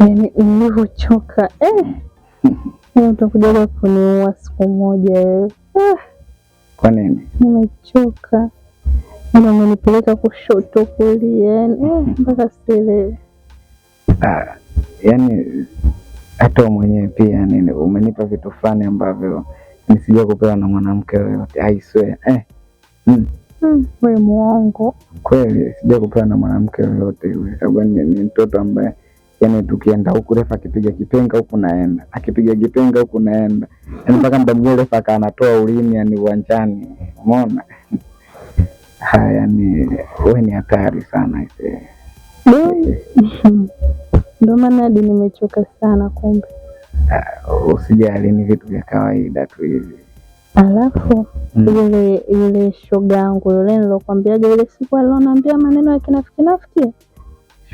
Yani nilivyochoka eh. eh Utakuja kuniua siku moja eh. Kwa nini? Nimechoka na umenipeleka kushoto kulia eh, mpaka sile. Ah, yani hata mwenyewe pia yani, umenipa vitu fulani ambavyo nisija kupewa na mwanamke yoyote. I swear eh. Mm. Mm, we mwongo kweli, sija kupewa na mwanamke yoyote yule, ni mtoto ambaye yani tukienda huku refa akipiga kipenga huku naenda, akipiga kipenga huku naenda, yani mpaka muda mwingine refa aka anatoa ulimi yani uwanjani, umeona? Haya, yani wewe ni hatari sana ise. Ndio maana hadi nimechoka sana kumbe. Uh, usijali, ni vitu vya kawaida tu hivi. Alafu mm. yule yule shoga yangu yule nilokwambiaga ile siku alionaambia maneno ya kinafiki nafiki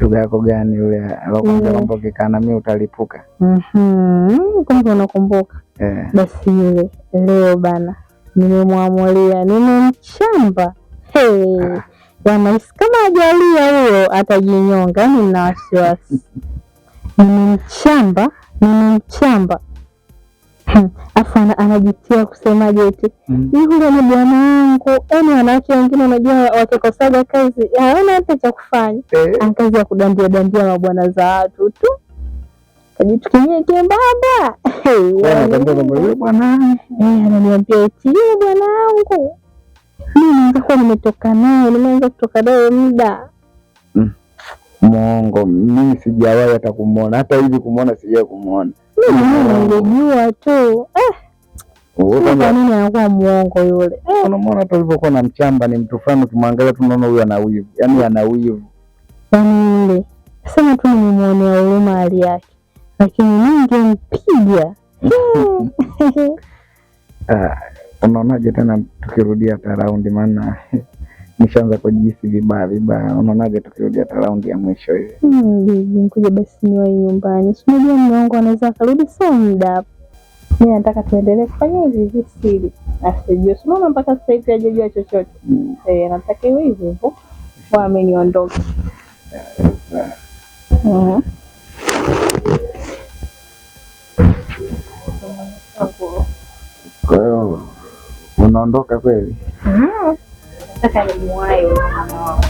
shuga yako gani yule alokuambia kwamba mm. ukikaa na mimi utalipuka? Mhm, kwanza unakumbuka? yeah. basi yule leo bana, nimemwamulia nimemchamba. Hey, ah. Yamaisi kama ajalia huyo atajinyonga, yaani nina wasiwasi. Nimemchamba, nimemchamba afu anajitia kusemaje eti yule mm. ni bwana wangu. Yani wanawake wengine unajua, wakikosaga kazi hawana hata cha kufanya, eh. ana kazi ya kudandia dandia mabwana za watu tu, kajitu kenyewe kembamba. Ananiambia eti yule bwana wangu, mi naanza kuwa nimetoka naye, nimeanza kutoka naye muda mm. mwongo. Mimi sijawahi hata kumwona, hata hivi kumwona sijawahi kumwona ningejua tu eh. nini anakuwa mwongo yule. Unamwona eh. hata na mchamba, ni mtu fulani ukimwangalia tu unaona huyu ana wivu, yaani ana wivu yaani yule sema tu nimemwonea huruma hali yake, lakini ningempiga. Ah, unaonaje tena tukirudia hata raundi maana nishaanza kujihisi vibaya vibaya. Unaonaje tukirudi hata raundi ya mwisho hivi? Hmm, bibi, nkuja basi niwahi nyumbani, sinajua unajua mume wangu anaweza akarudi sio muda. Mi nataka tuendelee kufanya hivi hivi siri, asijue. Si mpaka sasa hivi hajajua chochote. Hmm. Eh, nataka iwe hivo hivyo, kwa ameniondoka. Hmm. Kwa hiyo unaondoka kweli? Sasa ni mama wao.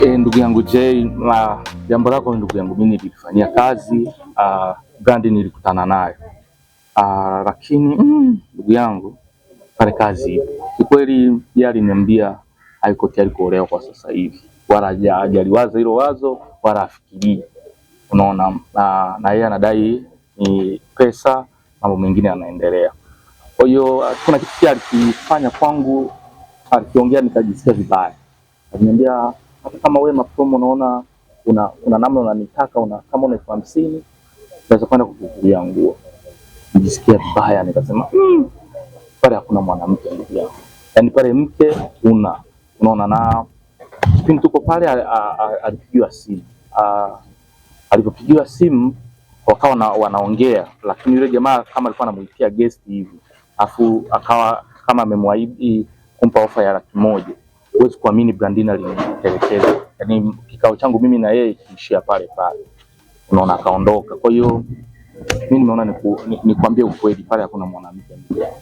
E, ndugu yangu Jay, jambo lako ndugu yangu, mimi nilifanyia kazi uh, ah, brandi nilikutana nayo uh, lakini mm, ndugu yangu pale kazi kikweli, yeye aliniambia haiko tayari kuolewa kwa sasa hivi, wala hajaliwaza hilo wazo, wala afikirii, unaona, na na yeye anadai ni pesa, mambo mengine yanaendelea. Kwa hiyo kuna kitu pia alikifanya kwangu, alikiongea, nikajisikia vibaya. Aliniambia hata kama wewe mapromo unaona una, una namna unanitaka una, kama una elfu hamsini naweza kwenda kukuvulia nguo. Nijisikia vibaya, nikasema mm, pale hakuna mwanamke ndugu yangu, yaani pale mke una unaona, na kipindi tuko pale alipigiwa simu, alipopigiwa simu wakawa wanaongea, lakini yule jamaa kama alikuwa anamuitia guest hivi, afu akawa kama amemwaahidi kumpa ofa ya laki moja. Huwezi kuamini Brandina alinitelekeza, yani kikao changu mimi na yeye kiishia pale pale, unaona, akaondoka. Kwa hiyo mimi nimeona nikwambie ni, ni ukweli pale hakuna mwanamke ah.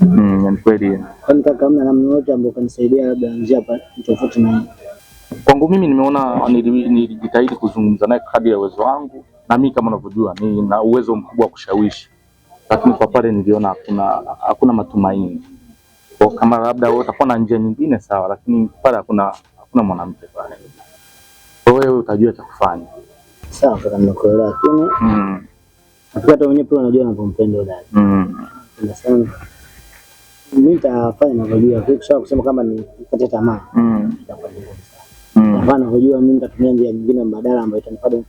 Mm, ni kweli. Kaka, namna yote ambayo kanisaidia labda njia tofauti na kwangu mimi nimeona nilijitahidi kuzungumza naye kadri ya uwezo wangu, na mimi kama unavyojua nina uwezo mkubwa wa kushawishi, lakini kwa pale niliona hakuna hakuna matumaini. Kwa kama labda utakuwa na njia nyingine sawa, lakini pale hakuna hakuna mwanamke pale, kwa wewe utajua cha kufanya. Sawa kaka, nimekuelewa, lakini mm. hata pia unajua dada. Mm mimi nitafanya ninavyojua, kwa sababu kusema kama ni kukata tamaa mm. Hapana, mm. mimi nitatumia njia nyingine mbadala ambayo itanifanya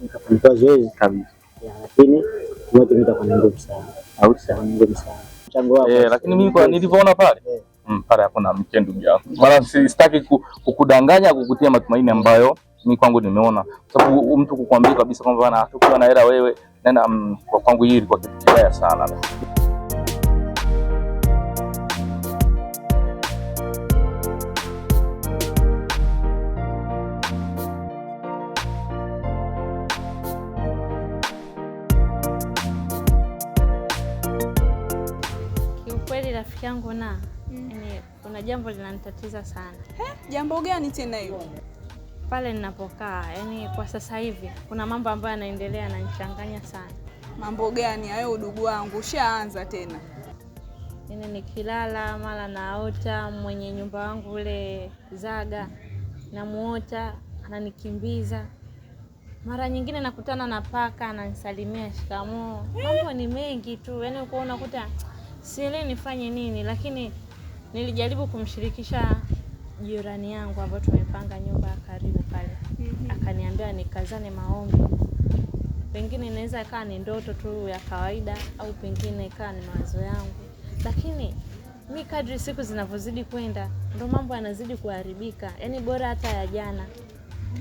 nikafanikiwa zoezi kabisa, lakini ngumu sana, au sana ngumu sana mchango wako eh, lakini mimi kwa eh. nilivyoona pale eh. mm, pale hakuna mke, mara sitaki kukudanganya, kukutia matumaini ambayo mimi kwangu nimeona, kwa sababu mtu kukwambia kabisa kwamba bwana, na hela wewe nenda, mm, kwangu hii ilikuwa kitu kibaya sana. rafiki yangu na mm. kuna jambo linanitatiza sana. He, jambo gani tena hiyo? Pale ninapokaa yani, kwa sasa hivi kuna mambo ambayo yanaendelea yananichanganya sana. Mambo gani hayo, udugu wangu? Ushaanza tena? Yani nikilala mara naota mwenye nyumba wangu ule Zaga, namuota ananikimbiza mara nyingine nakutana na paka ananisalimia shikamoo. Mambo ni mengi tu, yani uko unakuta sielewi nifanye nini, lakini nilijaribu kumshirikisha jirani yangu ambayo tumepanga nyumba karibu pale mm -hmm. Akaniambia nikazane maombi, pengine inaweza ikawa ni ndoto tu ya kawaida au pengine ikawa ni mawazo yangu, lakini mi kadri siku zinavyozidi kwenda ndo mambo yanazidi kuharibika, yaani bora hata ya jana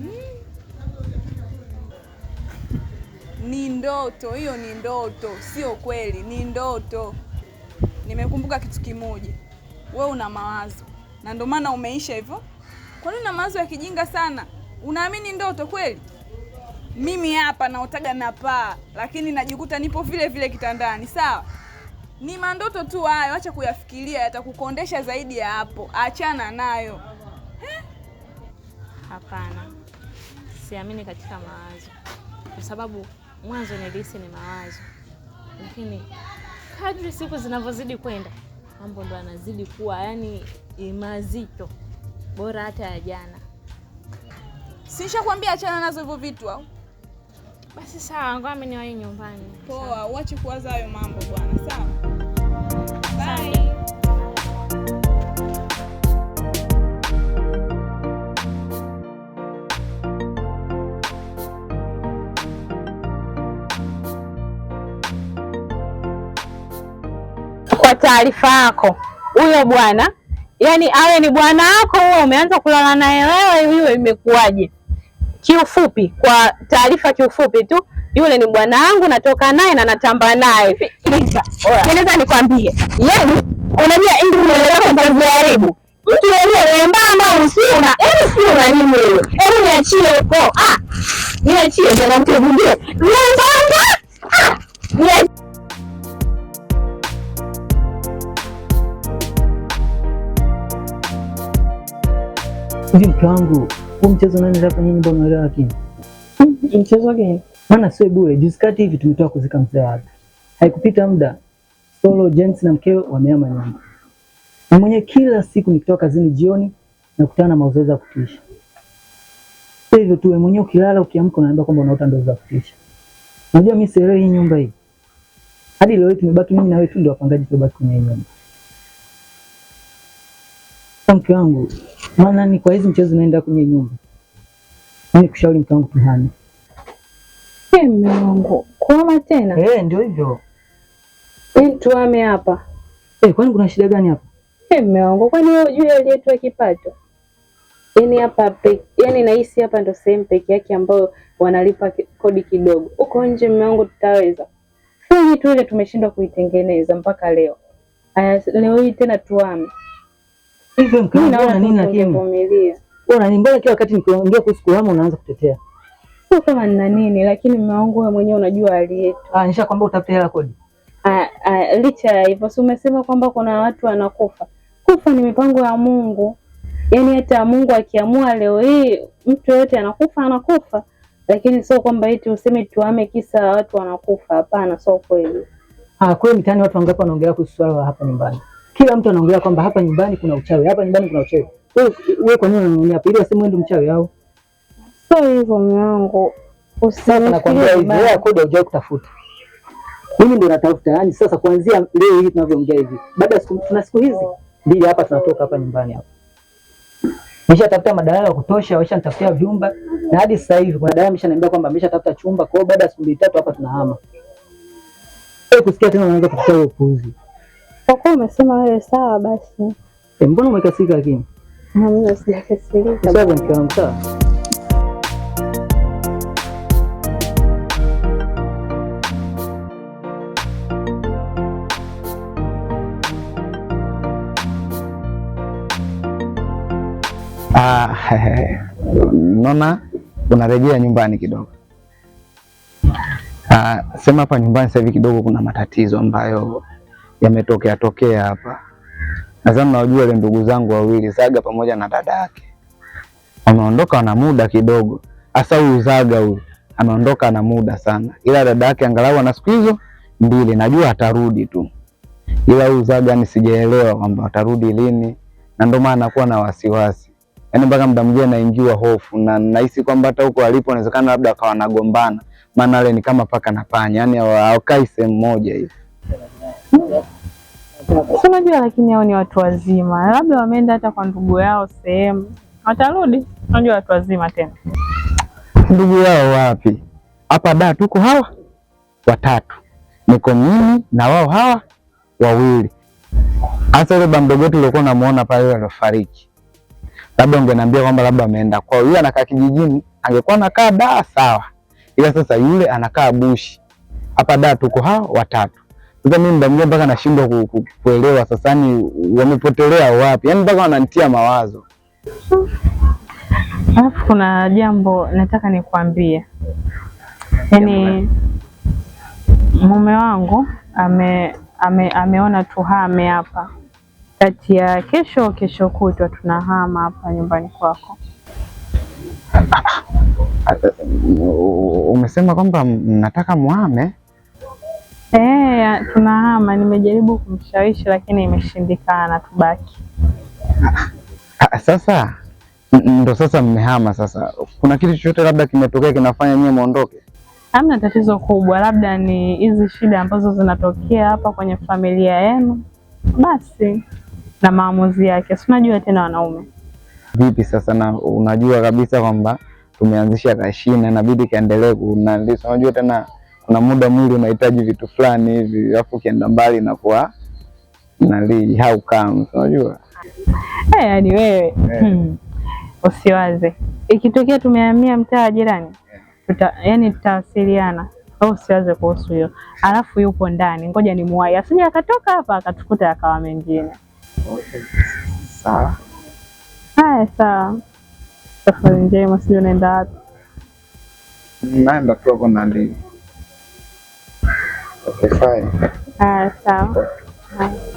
mm -hmm. Ni ndoto hiyo, ni ndoto, sio kweli, ni ndoto nimekumbuka kitu kimoja, we una mawazo na ndio maana umeisha hivyo. Kwa nini una mawazo ya kijinga sana? Unaamini ndoto kweli? Mimi hapa naotaga na paa, lakini najikuta nipo vile vile kitandani. Sawa, ni mandoto tu hayo, acha kuyafikiria, yatakukondesha zaidi ya hapo. Achana nayo. Hapana, siamini katika mawazo, kwa sababu mwanzo nilihisi ni mawazo, lakini kadri siku zinavyozidi kwenda mambo ndo anazidi kuwa yani mazito, bora hata ya jana. Sishakwambia achana nazo hivyo vitu au? Basi sawa, ngoja mimi niwahi nyumbani. Poa, uache kuwaza hayo mambo bwana, sawa. taarifa yako huyo bwana, yani awe ni bwana wako huo umeanza kulala naye wewe, hiyo imekuwaje? Kiufupi, kwa taarifa kiufupi tu, yule ni bwana wangu, natoka naye na natamba naye. Naweza nikwambie, yani unajua haribu mtu ulembamba usina si una nini wewe? Hebu yaani niachie huko, ah! niachie mtu mwingine Sijui mke wangu, huu mchezo nani hapa nini? mbona mnaelewa lakini? Mchezo gani? Maana sio bure. Juzi kati hivi tumetoka kuzika mzee wake. Haikupita muda Solo James na mkeo wamehama nyumba. Na mwenye kila siku nikitoka kazini jioni nakutana na mauzeza ya kutisha. Sasa hivyo tu mwenye ukilala ukiamka unaambiwa kwamba unaota ndoto za kutisha. Unajua mimi sielewi hii nyumba hii. Hadi leo tumebaki mimi na wewe tu ndio wapangaji tumebaki kwenye nyumba. Mke wangu maana ni kwa hizi mchezo naenda kwenye nyumba. kushauri mke wangu tuhame. Hey, mume wangu kuhama tena? Hey, eh, ndio hivyo tuhame hapa. Hey, eh, kwani kuna shida gani hapa? Hey, mume wangu kwani wewe juu ya yetu ya kipato? Yaani hapa yaani nahisi hapa ndo sehemu peke yake ambayo wanalipa kodi kidogo. Huko nje mume wangu tutaweza tu ile tumeshindwa kuitengeneza mpaka leo. Aya, leo hii tena tuame hivyo mkaona nini na kivumilia. Bora ni mbona kila wakati nikiongea kuhusu kulama unaanza kutetea. Sio kama nina nini lakini mume wangu wewe mwenyewe unajua hali yetu. Ah, nisha kwamba utapata hela kodi. Ah, ah, licha ya hivyo si umesema kwamba kuna watu wanakufa. Kufa ni mipango ya Mungu. Yaani hata Mungu akiamua leo hii mtu yote anakufa anakufa. Lakini sio kwamba eti useme tuame kisa watu wanakufa. Hapana, sio kweli. Ah, kweli mtaani watu wangapi wanaongelea kuhusu swala hapa nyumbani? Kila mtu anaongea kwamba hapa nyumbani kuna uchawi, hapa nyumbani kuna uchawi. Wewe kwa nini unaniambia hapo Ili waseme ndio mchawi au? Sio hivyo mwanangu. wangu. Usisema nakwambia hivi, wewe kodi hujai kutafuta. Mimi ndio natafuta. yani sasa kuanzia leo hii tunavyoongea hivi. Baada tuna siku hizi mbili hapa tunatoka hapa nyumbani hapa. Nimeshatafuta madalali ya kutosha, wameshanitafutia vyumba na hadi sasa hivi kuna dalali ameshaniambia kwamba ameshatafuta chumba. Kwa hiyo baada ya siku mbili tatu hapa tunahama. Wewe kusikia tena unaanza kutoa upuzi. Kwa kuwa umesema wewe, sawa basi. E, mbona umekasirika lakini? Hamna, sijakasirika. Sawa mke wangu, sawa. Ah, nona unarejea nyumbani kidogo. Ah, sema hapa nyumbani sasa hivi kidogo kuna matatizo ambayo yametokea tokea hapa. Nadhani mnawajua wale ndugu zangu wawili Zaga pamoja na dada yake wameondoka na muda kidogo. Hasa huyu Zaga huyu ameondoka na muda sana, ila dada yake angalau ana siku hizo mbili, najua atarudi tu, ila huyu Zaga ni sijaelewa kwamba atarudi lini, na ndio maana anakuwa na wasiwasi yaani mpaka muda mwingine naingiwa hofu na nahisi kwamba hata huko alipo inawezekana labda akawa nagombana, maana ale ni kama paka na panya, yaani hawakai sehemu moja hivi. Unajua, lakini hao ni watu wazima, labda wameenda hata kwa ndugu yao sehemu, watarudi. Unajua watu wazima tena, ndugu yao wapi? Hapa da tuko hawa watatu, niko mimi na wao hawa wawili. Hasa yule bamdogo wetu uliokuwa unamuona pale aliofariki, labda ungeniambia kwamba labda ameenda kwa yule anakaa kijijini, angekuwa anakaa daa sawa, ila sasa yule anakaa bushi. Hapa da tuko hawa watatu sasa mimi muda mwingine mpaka nashindwa kuelewa sasa ni wamepotelea wapi, yaani mpaka wanantia mawazo. Alafu kuna jambo nataka nikwambie, yaani mume wangu ame, ame, ameona tuhame hapa kati ya kesho kesho kutwa tunahama hapa nyumbani kwako. Ah, ah, ah, umesema kwamba mnataka muhame? Eh, tunahama. Nimejaribu kumshawishi lakini imeshindikana, tubaki. Ah, ah, sasa ndo sasa mmehama. Sasa kuna kitu chochote labda kimetokea kinafanya nyie muondoke? Hamna tatizo kubwa, labda ni hizi shida ambazo zinatokea hapa kwenye familia yenu basi, na maamuzi yake. Si unajua tena wanaume vipi? Sasa na unajua kabisa kwamba tumeanzisha kashina, inabidi kaendelee. Unajua tena kuna muda mwili unahitaji vitu fulani hivi, alafu ukienda mbali inakuwa nali how comes, unajua eh, yani wewe eh. Hmm. usiwaze, ikitokea tumehamia mtaa jirani tuta, yani tutawasiliana au usiwaze kuhusu hiyo. Alafu yupo ndani, ngoja ni muwai asije akatoka hapa akatukuta akawa mengine. Okay. Sawa. Haya, sawa. Safari njema. Sijui unaenda wapi? Naenda tu hapo ndio Okay, fine. Alright, uh, so. Uh,